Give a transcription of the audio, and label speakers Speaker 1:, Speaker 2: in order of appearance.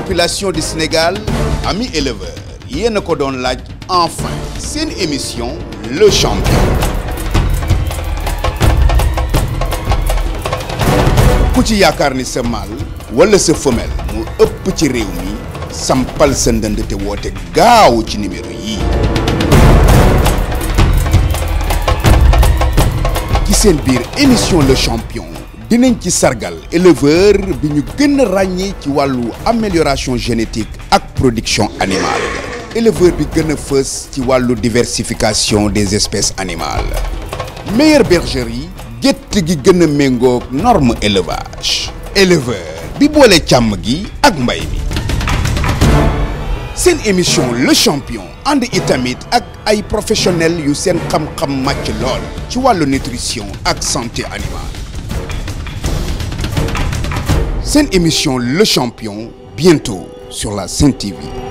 Speaker 1: population du Sénégal amis éleveurs yéen a ko doon laaj enfin seen émission le ku ci yaakaar ni sa mâle wala sa femelle mu ëpp ci réew mi sampal sa ndënd te woote gaaw ci numéro yi ci seen biir émission le champion. dinañ ci sargal éleveur bi ñu gën ràññee ci wàllu amélioration génétique ak production animale éleveur bi gën a fës ci wàllu diversification des espèces animales meilleure bergerie gétt gi gën a méngoog norme élevage éleveur bi boole càmm gi ak mbay mi seen émission le champion ànd itamit ak ay professionnels yu seen xam-xam ci lool ci wàllu nutrition ak santé animale seen émission le champion bientôt sur la Sen TV